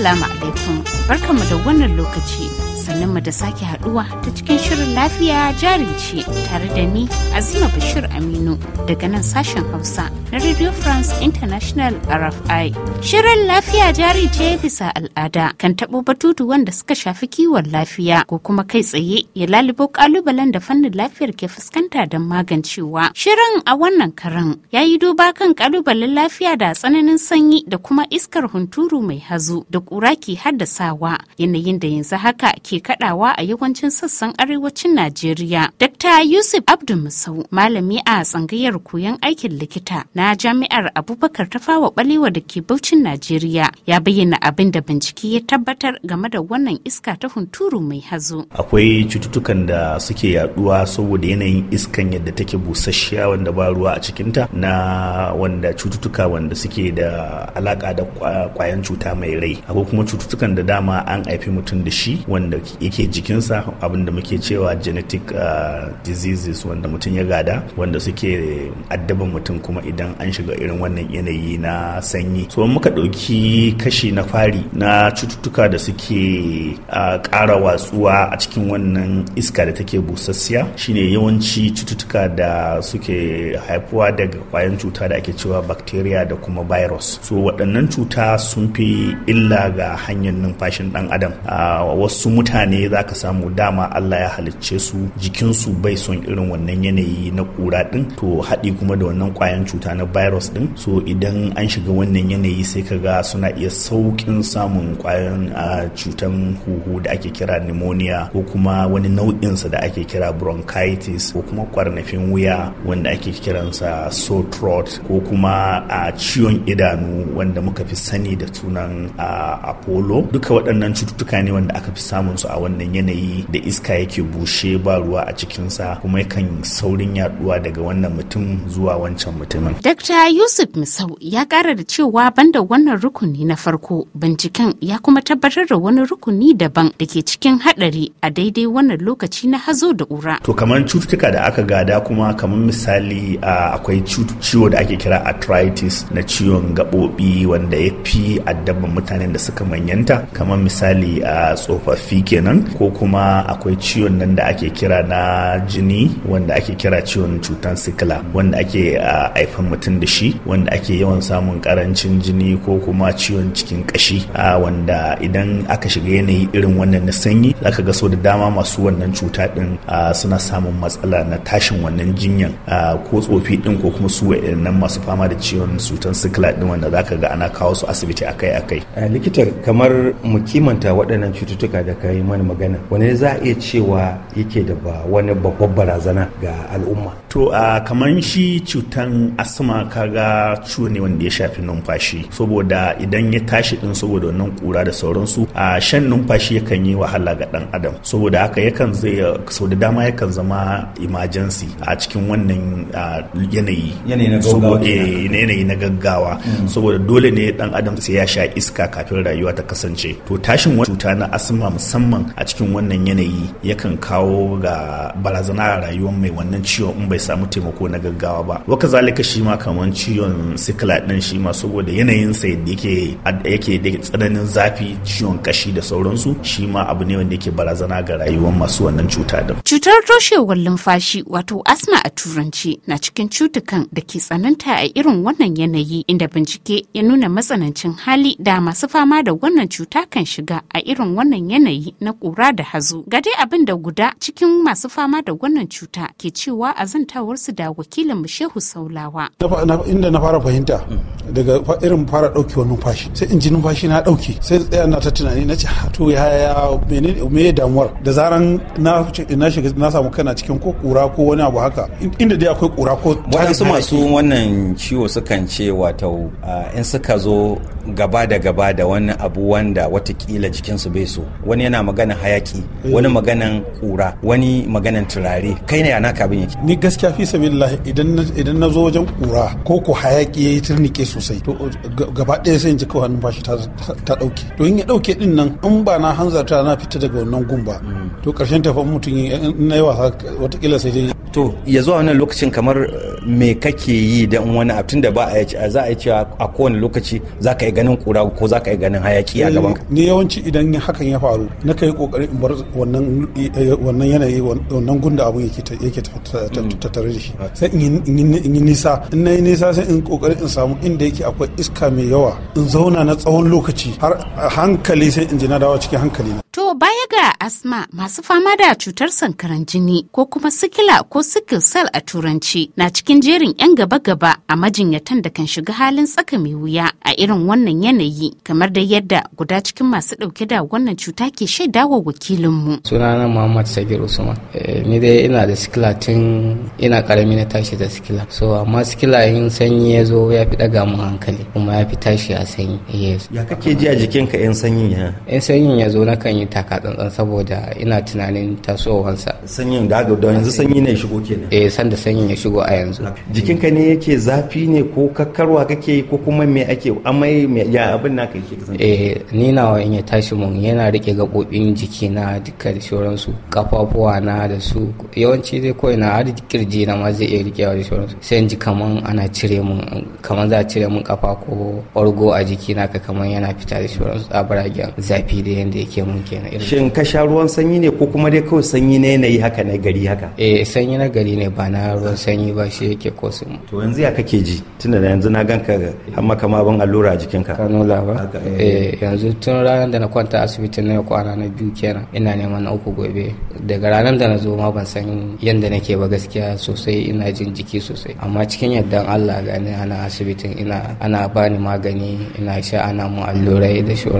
Assalamu alaikum, barkanmu da wannan lokaci. mu da sake haduwa ta cikin shirin lafiya jari ce tare da ni Azima Bashir Aminu daga nan sashen Hausa na Radio France International RFI. Shirin lafiya jari ce bisa al'ada kan tabo batutu wanda suka shafi kiwon lafiya ko kuma kai tsaye ya lalibo kalubalen da fannin lafiyar ke fuskanta don magancewa. Shirin a wannan karan ya yi duba kan kalubalen lafiya da tsananin sanyi da kuma iskar hunturu mai hazo da ƙura ke haddasawa yanayin da yanzu haka ke kadawa a yawancin sassan arewacin Najeriya. Dr. Yusuf Abdul Musau, malami a tsangayar koyon aikin likita na Jami'ar Abubakar ta Tafawa Balewa da ke Bauchin Najeriya, ya bayyana abin da bincike ya tabbatar game da wannan iska ta hunturu mai hazo. Akwai cututtukan da suke yaduwa saboda yanayin iskan yadda take busasshiya wanda ba ruwa a cikinta na wanda cututtuka wanda suke da alaka da kwayan cuta mai rai. Akwai kuma cututtukan da dama an haifi mutum da shi wanda yake jikinsa abin da muke cewa genetic uh, diseases wanda mutum ya gada wanda suke addaban mutum kuma idan an shiga irin wannan yanayi na sanyi so muka ɗauki kashi na fari na cututtuka da suke uh, ƙara watsuwa a cikin wannan iska da take busassiya shine yawanci cututtuka da suke haifuwa daga kwayan cuta da ake cewa bacteria da kuma virus so waɗannan cuta sun fi illa ga hanyar numfashin ɗan adam uh, wasu mutane ne za ka samu dama Allah ya halicce su jikinsu bai son irin wannan yanayi na kura din to haɗi kuma da wannan kwayan cuta na virus din so idan an shiga wannan yanayi sai ka ga suna iya sauƙin samun kwayan cutan huhu da ake kira pneumonia ko kuma wani nau'insa da ake kira bronchitis ko kuma kwarnafin wuya wanda ake kiransa sore throat ko kuma a ciwon idanu wanda muka fi sani da sunan apollo duka waɗannan cututtuka ne wanda aka fi samun su a wannan yanayi da iska yake bushe ba ruwa a cikinsa kuma yakan saurin yaduwa daga wannan mutum zuwa wancan mutumin. Dr. Yusuf Misau ya kara da cewa banda wannan rukuni na farko binciken ya kuma tabbatar da wani rukuni daban da ke cikin hadari a daidai wannan lokaci na hazo da ƙura. To kamar cututtuka da aka gada kuma kamar misali akwai ciwo da ake kira arthritis na ciwon gaɓoɓi wanda ya fi addaban mutanen da suka manyanta kamar misali a tsofaffi ke kenan ko kuma akwai ciwon nan da ake kira na jini wanda ake kira ciwon cutan sikila wanda ake haifan mutum da shi wanda ake yawan samun karancin jini ko kuma ciwon cikin kashi a wanda idan aka shiga yanayi irin wannan na sanyi zaka ga so da dama masu wannan cuta din suna samun matsala na tashin wannan jinyan ko tsofi din ko kuma su nan masu fama da ciwon cutan sikila din wanda zaka ga ana kawo su asibiti akai-akai likitar kamar mu kimanta waɗannan cututtuka da kayi mana magana wani za a iya cewa yake da wani babbar barazana ga al'umma to a kaman shi cutan asma kaga ciwo ne wanda ya shafi numfashi saboda idan ya tashi din saboda wannan kura da sauransu a shan numfashi yakan yi wahala ga dan adam saboda haka yakan zai sau da dama yakan zama emergency a cikin wannan yanayi yanayi na eh, gaggawa mm. saboda dole ne dan adam sai ya sha iska kafin rayuwa ta kasance to tashin wani cuta na asma musamman a cikin wannan yanayi yakan kawo ga barazana rayuwar mai wannan ciwon in bai samu taimako na gaggawa ba waka zalika shi ma kamar ciwon sikila din shi ma saboda yanayin sa yadda yake yake da tsananin zafi ciwon kashi da sauransu shi ma abu ne wanda yake barazana ga rayuwar masu wannan cuta din cutar toshewar lumfashi wato asma a turanci na cikin cutukan da ke tsananta a irin wannan yanayi inda bincike ya nuna matsanancin hali da masu fama da wannan cuta kan shiga a irin wannan yanayi na kura da hazo ga dai abin da guda cikin masu fama da wannan cuta ke cewa a zan fahimtawarsu da wakilin Shehu Saulawa. Inda na fara fahimta daga irin fara ɗaukewar numfashi sai in ji numfashi na ɗauke sai tsaya na ta tunani na ce to yaya menene me damuwar da zaran na shiga na samu kana cikin ko kura ko wani abu haka inda dai akwai kura ko waɗansu masu wannan ciwo sukan ce wato in suka zo gaba da gaba da wani abu wanda watakila jikinsu bai so wani yana magana hayaki wani eh. maganan kura wani maganan turare kai ne yana kabin yake ni gaskiya gaskiya fi sabilillah idan na zo wajen kura ko ku hayaki yayi turnike sosai to gaba ɗaya sai in ji kawai numfashi ta ɗauke to in ya ɗauke din nan in ba na hanzarta na fita daga wannan gumba mm. to karshen tafa mutum na yi wasa watakila sai dai to ya zuwa wannan lokacin kamar eh, me kake yi don wani abu tunda ba a za a cewa a kowane lokaci za ka yi ganin kura ko za ka yi ganin hayaki a eh, gaban ni yawanci idan hakan ya faru na kai kokarin in bar wannan eh, yanayi wannan gunda abun yake yake tattare da shi mm. sai in yi nisa in na yi nisa sai in kokarin in samu inda yake akwai iska mai yawa in zauna na tsawon lokaci har hankali sai in ji na dawo cikin hankali na baya ga asma masu fama da cutar sankaran jini ko kuma sikila ko sickle cell a turanci na cikin jerin 'yan gaba-gaba a majinyatan da kan shiga halin tsaka mai wuya a irin wannan yanayi kamar da yadda guda cikin masu ɗauke da wannan cuta ke wa wakilinmu. Sunana Muhammad Sagir Usman. Eh, ni dai ina da sikila tun ina karami na tashi da sikila. So amma sikila in sanyi ya zo ya fi ɗaga mu hankali kuma ya fi tashi a sanyi. Ya kake ji a jikinka 'yan sanyin ya? 'Yan sanyin ya zo na kan yi ta taka tsantsan saboda ina tunanin tasowansa sanyin da don yanzu sanyi ne shigo kenan eh sanda sanyin ya shigo a yanzu jikinka ne yake zafi ne ko kakkarwa kake ko kuma me ake amai me ya abin naka yake kasance eh ni nawa in ya tashi mun yana rike gabobin jiki na duka da sauransu kafafuwa na da su yawanci zai koyi na har kirji na ma zai iya rikewa da sauransu sai in ji kaman ana cire mun kaman za a cire mun kafa ko orgo a jiki naka kaman yana fita da sauransu a baragen zafi da yanda yake mun kenan irin shin ka sha ruwan sanyi ne ko kuma dai kawai sanyi na yanayi haka na gari haka eh sanyi na gari ne ba na ruwan sanyi ba shi yake kosu to yanzu ya kake ji tunda da yanzu na ganka har maka ma ban allura a jikinka kanula ba eh. eh yanzu tun ranar da na kwanta asibitin na kwana na biyu kenan ina neman na uku gobe daga ranar da na zo ma ban san yanda nake ba gaskiya sosai ina jin jiki sosai amma cikin yardan Allah gani ana asibitin ina ana bani magani ina sha ana mu allurai da su.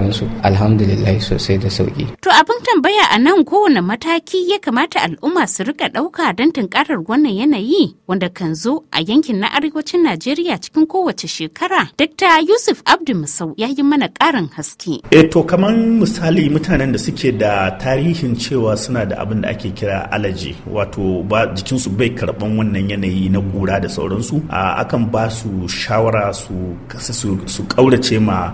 alhamdulillah sosai da sauki To abin tambaya a nan kowane mataki ya kamata al'umma su rika ɗauka don tunkarar wannan yanayi wanda kan zo a yankin na arewacin Najeriya cikin kowace shekara. Dr. Yusuf Abdu Musau ya yi mana ƙarin haske. E to kamar misali mutanen da suke da tarihin cewa suna da abin da ake kira alaji wato ba jikinsu bai karɓan wannan yanayi na ƙura da sauransu a akan ba su shawara su su ƙaurace ma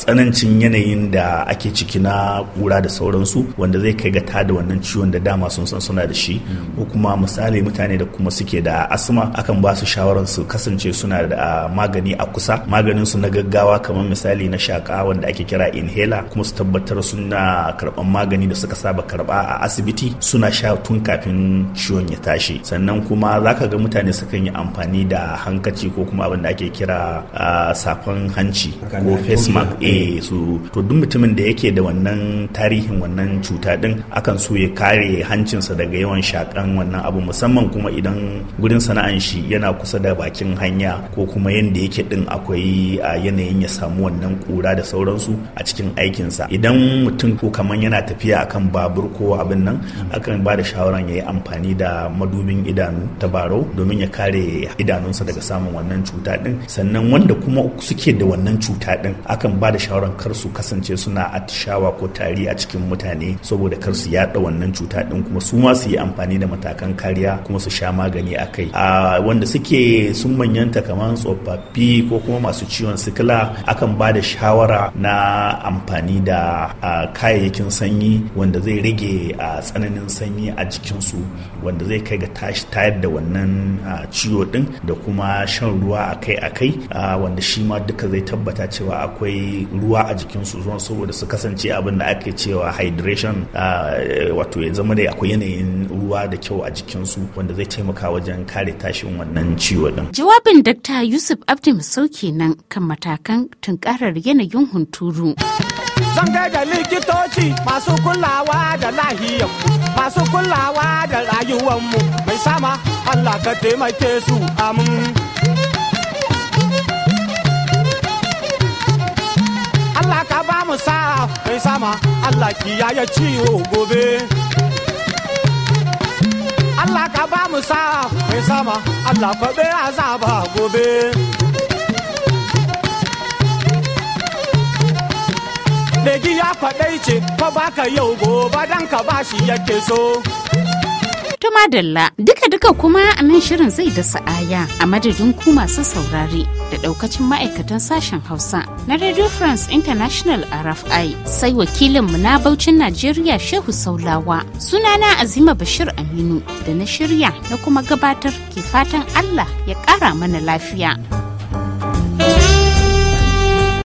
tsanancin yanayin da ake ciki na ƙura da sauransu. sauransu wanda zai kai ga da wannan ciwon da dama sun san suna da shi ko kuma misali mutane da kuma suke da asma akan ba su shawaran su kasance suna da ah, magani a kusa maganin su na gaggawa kamar misali na shaka wanda ake kira inhaler kuma su tabbatar suna karban magani da suka saba karba a asibiti suna sha tun kafin ciwon ya tashi sannan kuma zaka ga mutane sukan yi amfani da hankaci ko kuma abin da ake kira ah, safan hanci ko face mask eh su to duk mutumin da yake da wannan tarihin nufin wannan cuta din akan so ya kare hancinsa daga yawan shakan wannan abu musamman kuma idan wurin sana'an shi yana kusa da bakin hanya ko kuma yadda yake din akwai a yanayin ya samu wannan kura da sauransu a cikin aikinsa idan mutum ko kaman yana tafiya akan babur ko abin nan akan ba da shawaran ya yi amfani da madubin idanu ta baro domin ya kare idanunsa daga samun wannan cuta din sannan wanda kuma suke da wannan cuta din akan ba da shawaran kar su kasance suna atishawa ko tari a cikin cikin mutane saboda kar su yaɗa wannan cuta ɗin kuma su ma su yi amfani da matakan kariya kuma su sha magani a kai a wanda suke sun manyanta kamar tsofaffi ko kuma masu ciwon sikila akan ba da shawara na amfani da kayayyakin sanyi wanda zai rage a tsananin sanyi a jikinsu wanda zai kai ga tashi tayar da wannan ciwo ɗin da kuma shan ruwa akai-akai wanda shi ma duka zai tabbata cewa akwai ruwa a jikinsu zuwa saboda su kasance abin da ake cewa cewa hydration wato ya zama da akwai yanayin ruwa da kyau a jikin su wanda zai taimaka wajen kare tashin wannan ciwo din. Jawabin Dr. Yusuf Abdi Masauki nan kan matakan tunkarar yanayin hunturu. Zan da likitoci masu kulawa da lahiyar masu kulawa da rayuwar mu mai sama Allah ka taimake su amin. Allah ka ba mu sa mai sama Allah ya ciwo gobe Allah ka ba mu sa mai sama Allah faɗe azaba gobe Dagiya ya ce, fa baka yau gobe dan ka shi yake so. ta madalla duka duka kuma a nan shirin zai da sa'aya a madadin ku masu saurare da daukacin ma'aikatan sashen hausa na radio france international rfi sai wakilinmu na baucin najeriya shehu saulawa sunana azima bashir aminu da na shirya na kuma gabatar ke fatan allah ya kara mana lafiya.